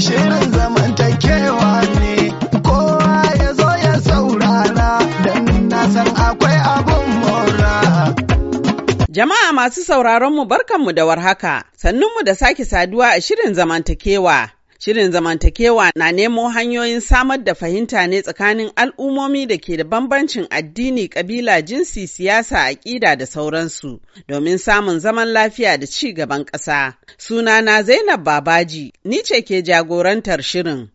Shirin zamantakewa ne kowa ya zo ya saurara don na san akwai abun mora. Jama'a masu sauraronmu mu da warhaka, sannunmu da sake saduwa a shirin zamantakewa. Shirin zamantakewa na nemo hanyoyin samar da fahimta ne tsakanin al'ummomi da ke da bambancin addini, ƙabila, jinsi, siyasa, aƙida da sauransu domin samun zaman lafiya da ci gaban ƙasa. Sunana Zainab Babaji, ni ce ke jagorantar shirin.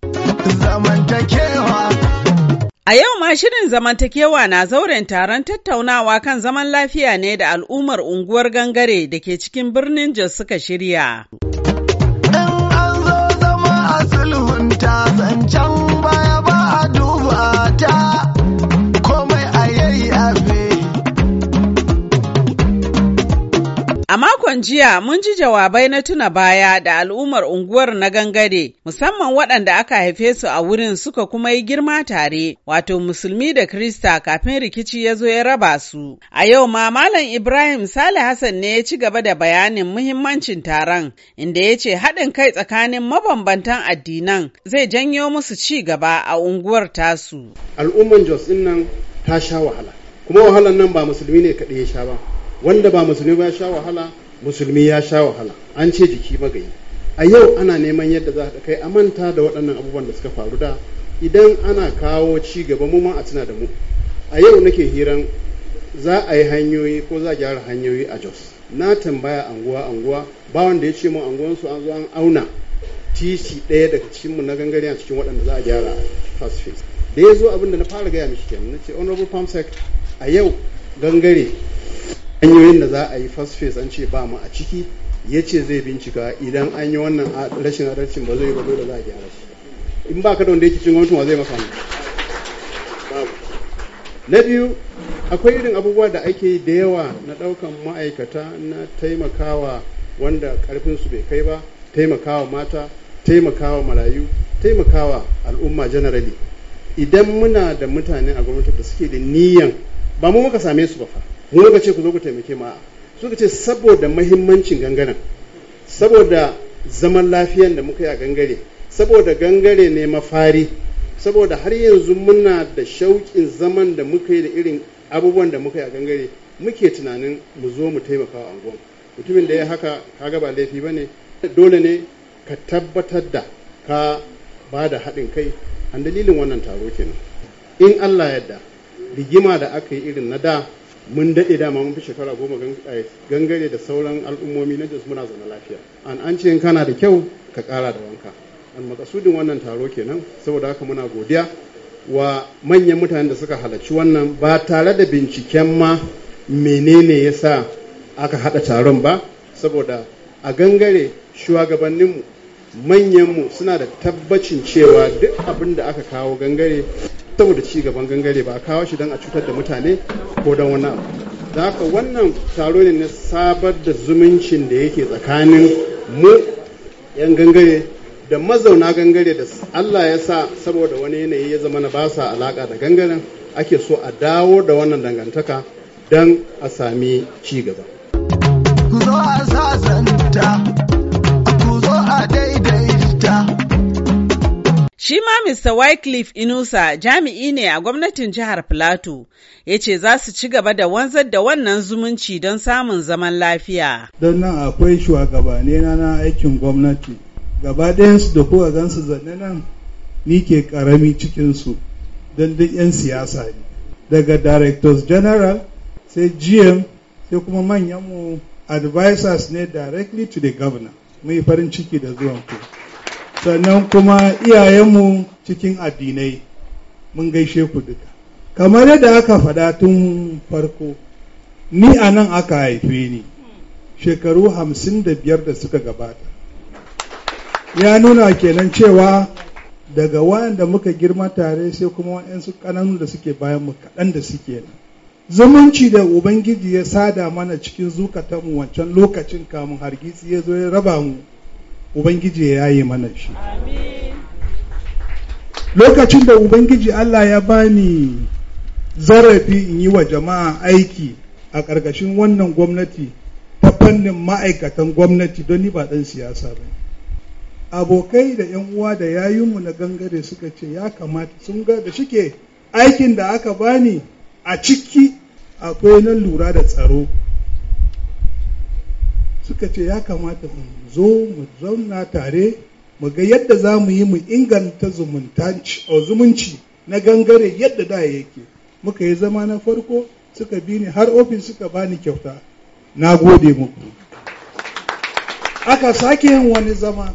A yau ma shirin zamantakewa na zauren taron tattaunawa kan zaman lafiya ne da al'ummar unguwar gangare da ke cikin birnin Jos suka shirya. and zancen makon jiya mun ji jawabai na tuna baya da al'ummar unguwar na gangare musamman waɗanda aka haife su a wurin suka kuma yi girma tare wato musulmi da krista kafin rikici ya zo ya raba su. A yau ma Malam Ibrahim Sale Hassan ne ya ci gaba da bayanin muhimmancin taron inda ya ce haɗin kai tsakanin mabambantan addinan zai janyo musu ci gaba a unguwar tasu. Al'ummar Jos nan ta sha wahala kuma wahalan nan ba musulmi ne kaɗai ya sha ba. wanda ba musulmi ba ya sha wahala musulmi ya sha wahala an ce jiki magayi a yau ana neman yadda za a kai a manta da waɗannan abubuwan da suka faru da idan ana kawo ci gaba mu ma a tuna da mu a yau nake hiran za a yi hanyoyi ko za a gyara hanyoyi a jos na tambaya anguwa anguwa ba wanda ya ce mu su an zo an auna titi ɗaya daga cikin mu na gangare a cikin waɗanda za a gyara fast face da ya zo abin da na fara gaya mishi kenan na ce honorable sec a yau gangare hanyoyin da za a yi first phase an ce ba mu a ciki ya ce zai bincika idan an yi wannan rashin adalcin ba zai ba dole za a gyara shi in ba ka da wanda yake cin gwamnatin wa zai maka na biyu akwai irin abubuwa da ake da yawa na ɗaukan ma'aikata na taimakawa wanda ƙarfinsu bai kai ba taimakawa mata taimakawa marayu taimakawa al'umma generally idan muna da mutane a gwamnati da suke da niyan ba mu muka same su ba fa mu ce ku zo ku taimake su suka ce saboda mahimmancin gangaren saboda zaman lafiyan da muka yi a gangare saboda gangare ne mafari saboda har yanzu muna da shauƙin zaman da muka yi da irin abubuwan da muka yi a gangare muke tunanin mu zo mu taimaka wa anguwan mutumin da ya haka kaga ba laifi ba ne dole ne ka tabbatar da ka ba da haɗin kai an dalilin wannan taro kenan in allah yadda rigima da aka yi irin na da mun daɗe dama mun fi shekara goma eh, gangare da sauran al'ummomi na jos muna zama lafiya an an ce kana da kyau ka ƙara da wanka an makasudin wannan taro kenan saboda haka muna godiya wa manyan mutanen da suka halarci wannan ba tare da binciken ma menene ya sa aka haɗa taron ba saboda a gangare shugabanninmu manyanmu suna da tabbacin cewa duk abin da aka kawo gangare saboda ci gaban gangare ba a kawo shi don a cutar da mutane ko don wani abu da haka wannan taro ne na sabar da zumuncin da yake tsakanin mu 'yan gangare da mazauna gangare da Allah ya sa saboda wani yanayi ya zama na basa alaka da gangaren ake so a dawo da wannan dangantaka don a sami ci gaba. Shi ma Mr. Wycliffe Inusa jami'i ne a gwamnatin jihar Filato, ya ce za su ci gaba da wanzar da wannan zumunci don samun zaman lafiya. Don nan akwai shugabane na na aikin gwamnati, gaba ɗayansu da kuka gansu zanne nan ni ke karami cikinsu don duk 'yan siyasa ne. Daga Directors General sai GM sai kuma manyanmu advisors ne directly to the governor. Mai farin ciki da zuwan ku. sannan kuma iyayenmu cikin addinai mun gaishe ku duka kamar yadda aka faɗa tun farko ni a nan aka haife ni shekaru hamsin da biyar da suka gabata ya nuna kenan cewa daga wayanda muka girma tare sai kuma wayansu kananu da suke bayan mu kaɗan da suke nan zumunci da ubangiji ya sada mana cikin zukatanmu wancan lokacin kamun hargitsi ya zo ya raba mu ubangiji ya yi mana shi lokacin da ubangiji allah ya bani zarafi in yi wa jama'a aiki a ƙarƙashin wannan gwamnati ta fannin ma'aikatan gwamnati don ni ba ɗan siyasa ba abokai da 'yan uwa da yayinmu na gangare suka ce ya kamata sun ga da shike aikin da aka bani a ciki akwai na lura da tsaro suka ce ya kamata mu zo mu zauna tare mu ga yadda za mu yi mu inganta zumunci na gangare yadda da yake muka yi zama na farko suka bi ni har ofis suka bani kyauta na gode muku aka sake yin wani zama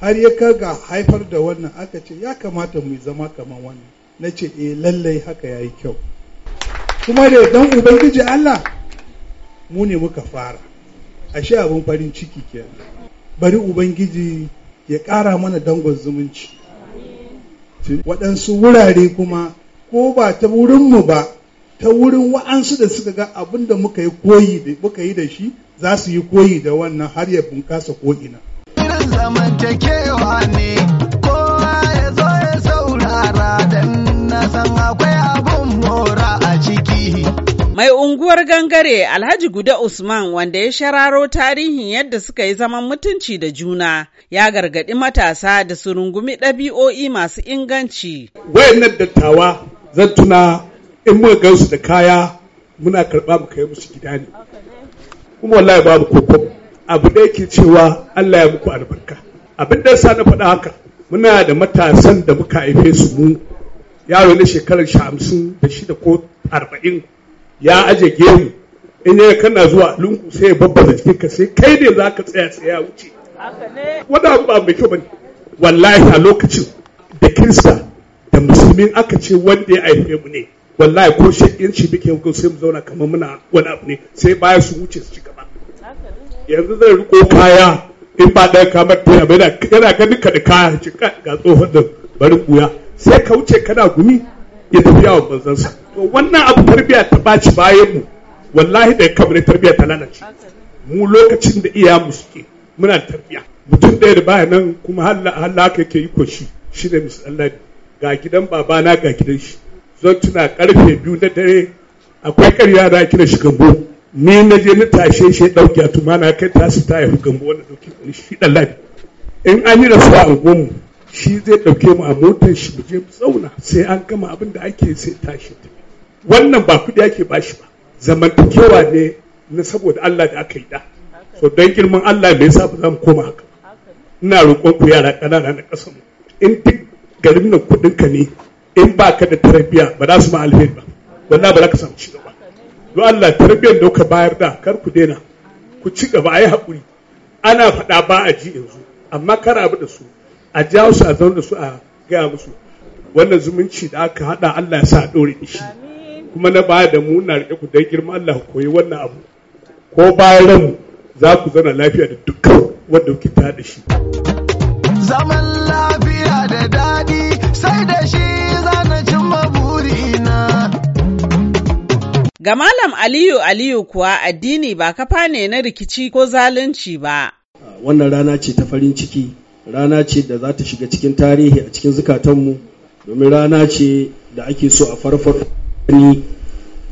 har ya kaga haifar da wannan aka ce ya kamata mu zama kamar wannan na ce eh lallai haka ya yi kyau kuma da dan ubangiji Allah mu ne muka fara A shi abin farin ciki ke bari ubangiji ya ƙara mana dangon zumunci waɗansu wurare kuma ko ba ta wurinmu ba ta wurin wa'ansu da suka ga abin da muka yi koyi da muka yi da shi za su yi koyi da wannan har ya bunkasa ko'ina. Irin zamantakewa ne kowa ya ya saurara na san akwai abun mora a ciki. Mai unguwar gangare Alhaji Guda Usman wanda ya shararo tarihin yadda suka yi zaman mutunci da juna ya gargaɗi matasa da su rungumi ɗabi'o'i masu inganci. Wayannan dattawa zan tuna in muka gansu da kaya muna karɓa mu kai musu gida ne. Kuma wallahi babu koko abu da yake cewa Allah ya muku albarka. Abin da sa na faɗa haka muna da matasan da muka haife su mu yaro na shekarar sha hamsin da shida ko arba'in ya aje gemu in ya kana zuwa lungu sai ya babbaza ka sai kai ne za ka tsaya tsaya wuce wanda abu ba mai kyau bane wallahi a lokacin da kirista da musulmin aka ce wanda ya haife mu ne wallahi ko shaƙin shi bike hukun sai mu zauna kamar muna wani abu ne sai baya su wuce su ci gaba yanzu zai riko kaya in ba ɗaya kamar ta yaba yana ganin ka da kaya ga tsohon da bari buya sai ka wuce kana gumi ya tafi yawon manzansa to wannan abu tarbiyya ta baci bayan mu wallahi da kamar tarbiyya ta lalace mu lokacin da iya mu suke muna tarbiyya mutum ɗaya da baya nan kuma halaka ke yi koshi shi ne ga gidan babana ga gidan shi zan tuna karfe biyu na dare akwai karya na kira shi gambo ni na je na tashe shi ya ɗauki atuma na kai tasu ta haifi gambo wanda ɗauki shi ɗan ladi. in an yi rasuwa a gomu shi zai ɗauke mu a motar shi mu je mu zauna sai an gama abin da ake sai tashi ta wannan ba kuɗi ake bashi ba zamantakewa ne na saboda Allah da aka yi da so don girman Allah mai sa ba za mu koma haka ina roƙon ku yara ƙanana na ƙasa mu in duk garin nan kuɗin ka ne in ba ka da tarbiyya ba za su ma alheri ba wallahi ba za ka samu ci gaba don Allah tarbiyyar da kuka bayar da kar ku daina ku ci gaba a yi haƙuri ana faɗa ba a ji yanzu amma kar abu da su a jawo su a zaune da su a gaya musu wannan zumunci da aka haɗa Allah ya sa a ɗore da shi kuma na baya da mu na rike ku dan girma Allah ko koyi wannan abu ko bayan ran za ku zana lafiya da dukkan wanda kuke ta da shi zaman lafiya da daɗi sai da shi zana cimma burina ga malam Aliyu Aliyu kuwa addini ba kafa ne na rikici ko zalunci ba wannan rana ce ta farin ciki rana ce da za ta shiga cikin tarihi a cikin zukatanmu domin rana ce da ake so a farfar wani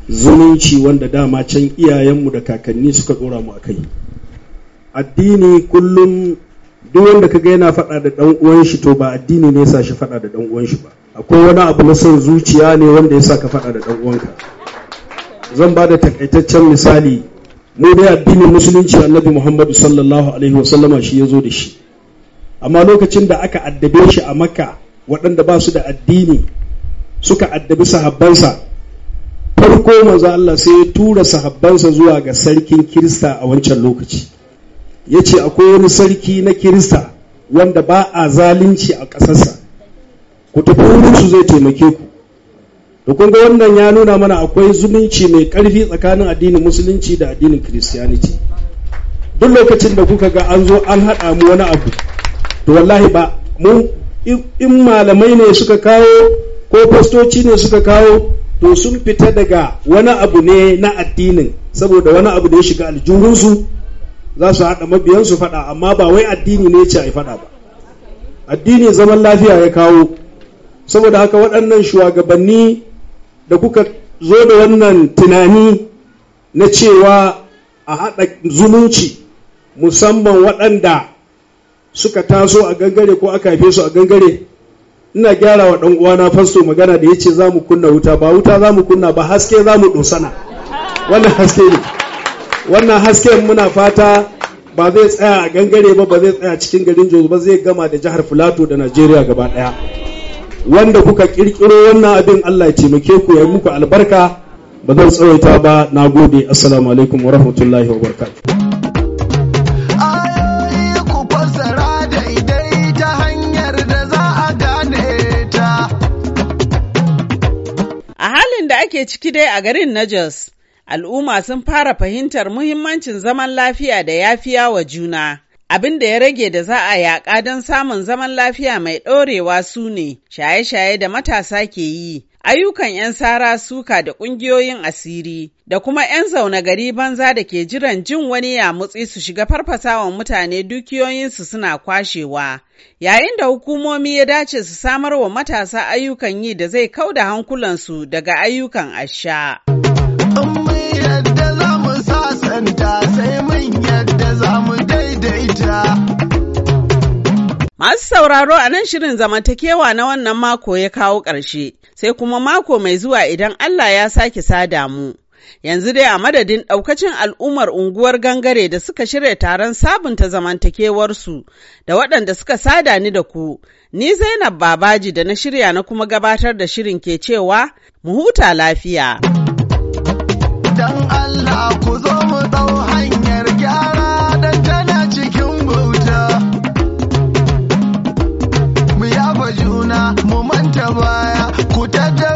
zumunci wanda dama can iyayenmu da kakanni suka dora mu a kai. addini kullum duk wanda kaga yana faɗa da ɗan uwan shi to ba addini ne yasa shi faɗa da ɗan uwan shi ba akwai wani abu na son zuciya ne wanda yasa ka faɗa da ɗan uwanka zan ba da takaitaccen misali mu dai addinin musulunci annabi muhammadu sallallahu alaihi wasallama shi ya zo da shi amma lokacin da aka addabe shi a makka waɗanda ba su da addini suka addabi sahabbansa farko manzo Allah sai ya tura sahabbansa zuwa ga sarkin kirista a wancan lokaci ya ce akwai wani sarki na kirista wanda ba a zalunci a ƙasarsa ku tafi su zai taimake ku da kun ga wannan ya nuna mana akwai zumunci mai ƙarfi tsakanin addinin musulunci da addinin kiristiyaniti duk lokacin da kuka ga an zo an haɗa mu wani abu to wallahi ba in malamai ne suka kawo ko fastoci ne suka kawo to sun fita daga wani abu ne na addinin saboda wani abu da ya shiga aljihunsu za su haɗa mabiyansu faɗa amma ba wai addini ne ce a yi faɗa ba addini zaman lafiya ya kawo saboda haka waɗannan shugabanni da kuka zo da wannan tunani na cewa a haɗa zumunci musamman waɗanda suka taso a gangare ko aka haife su a gangare ina gyara wa ɗan uwana fasto magana da yace za mu kunna wuta ba wuta za mu kunna ba haske za mu dosana wannan haske ne wannan hasken muna fata ba zai tsaya a gangare ba ba zai tsaya cikin garin Jos ba zai gama da jihar Filato da Najeriya gaba daya wanda kuka kirkiro wannan abin Allah ya taimake ku ya yi muku albarka ba zan tsawaita ba na gode assalamu alaikum wa rahmatullahi wa barakatuh ake ciki dai a garin na Jos, al'umma sun fara fahimtar muhimmancin zaman lafiya da yafiya wa juna. Abin da ya rage da za a yaƙa don samun zaman lafiya mai ɗorewa su ne shaye-shaye da matasa ke yi, ayyukan 'yan sara suka da ƙungiyoyin asiri da kuma 'yan zaune gari banza da ke jiran jin wani ya mutsi su shiga farfasawan mutane dukiyoyinsu suna kwashewa yayin da hukumomi ya dace su samar wa matasa ayyukan yi da zai kauda hankulansu daga ayyukan asha. Masu sauraro a nan shirin zamantakewa na wannan mako ya kawo ƙarshe, sai kuma mako mai zuwa idan Allah ya sake sada mu. Yanzu dai a madadin ɗaukacin al'ummar unguwar gangare da suka shirya taron sabunta zamantakewarsu da waɗanda suka sada ni da ku, ni Zainab Babaji da na shirya na kuma gabatar da shirin ke cewa mu huta lafiya. Allah manta baya ku ta